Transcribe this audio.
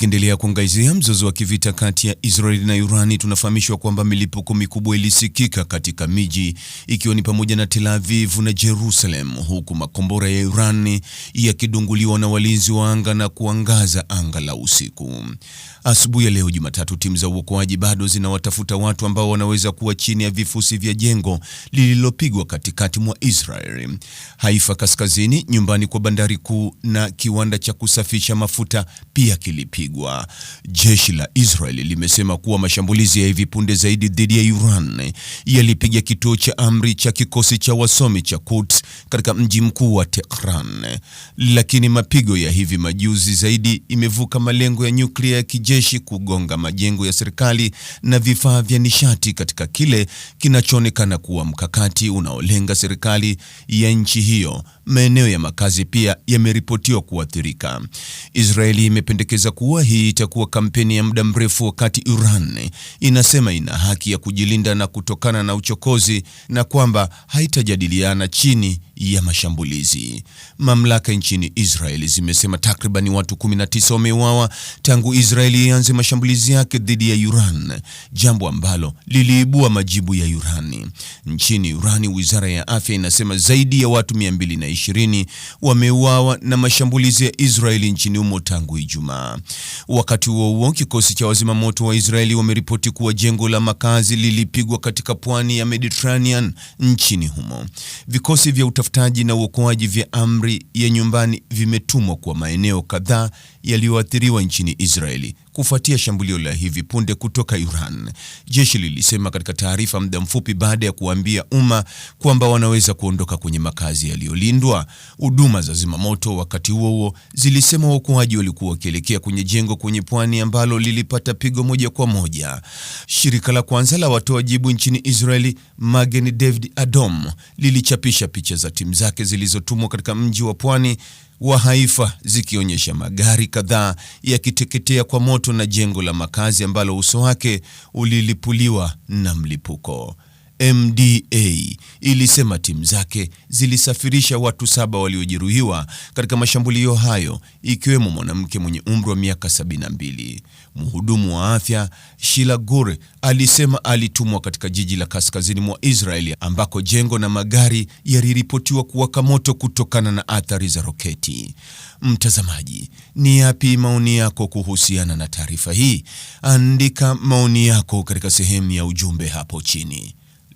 Tukiendelea kuangazia mzozo wa kivita kati ya Israeli na Irani, tunafahamishwa kwamba milipuko mikubwa ilisikika katika miji ikiwa ni pamoja na Tel Aviv na Jerusalem, huku makombora ya Irani yakidunguliwa na walinzi wa anga na kuangaza anga la usiku. Asubuhi ya leo Jumatatu, timu za uokoaji bado zinawatafuta watu ambao wanaweza kuwa chini ya vifusi vya jengo lililopigwa katikati mwa Israeli. Haifa kaskazini, nyumbani kwa bandari kuu na kiwanda cha kusafisha mafuta, pia kilipigwa kupigwa. Jeshi la Israel limesema kuwa mashambulizi ya hivi punde zaidi dhidi ya Iran yalipiga kituo cha amri cha kikosi cha wasomi cha Quds katika mji mkuu wa Tehran, lakini mapigo ya hivi majuzi zaidi imevuka malengo ya nyuklia ya kijeshi kugonga majengo ya serikali na vifaa vya nishati katika kile kinachoonekana kuwa mkakati unaolenga serikali ya nchi hiyo maeneo ya makazi pia yameripotiwa kuathirika. Israeli imependekeza kuwa hii itakuwa kampeni ya muda mrefu, wakati Iran inasema ina haki ya kujilinda na kutokana na uchokozi na kwamba haitajadiliana chini ya mashambulizi. Mamlaka nchini Israeli zimesema takriban watu 19 wameuawa tangu Israeli ianze mashambulizi yake dhidi ya Iran, jambo ambalo liliibua majibu ya Iran. Nchini Iran, Wizara ya Afya inasema zaidi ya watu 220 wameuawa na mashambulizi ya Israeli nchini humo tangu Ijumaa. Wakati huo huo, kikosi cha wazimamoto wa Israeli wameripoti kuwa jengo la makazi lilipigwa katika pwani ya Mediterranean nchini humo. Vikosi vya utafutaji na uokoaji vya amri ya nyumbani vimetumwa kwa maeneo kadhaa yaliyoathiriwa nchini Israeli kufuatia shambulio la hivi punde kutoka Iran. Jeshi lilisema katika taarifa muda mfupi baada ya kuambia umma kwamba wanaweza kuondoka kwenye makazi yaliyolindwa. Huduma za zimamoto wakati huo huo zilisema waokoaji walikuwa wakielekea kwenye jengo kwenye pwani ambalo lilipata pigo moja kwa moja. Shirika la kwanza la watoa jibu nchini Israeli, Magen David Adom, lilichapisha picha za timu zake zilizotumwa katika mji wa pwani wa Haifa zikionyesha magari kadhaa yakiteketea kwa moto moto na jengo la makazi ambalo uso wake ulilipuliwa na mlipuko. MDA ilisema timu zake zilisafirisha watu saba waliojeruhiwa katika mashambulio hayo ikiwemo mwanamke mwenye umri wa miaka 72. Mhudumu wa afya Shila Gore alisema alitumwa katika jiji la kaskazini mwa Israeli ambako jengo na magari yaliripotiwa kuwaka moto kutokana na athari za roketi. Mtazamaji, ni yapi maoni yako kuhusiana na taarifa hii? Andika maoni yako katika sehemu ya ujumbe hapo chini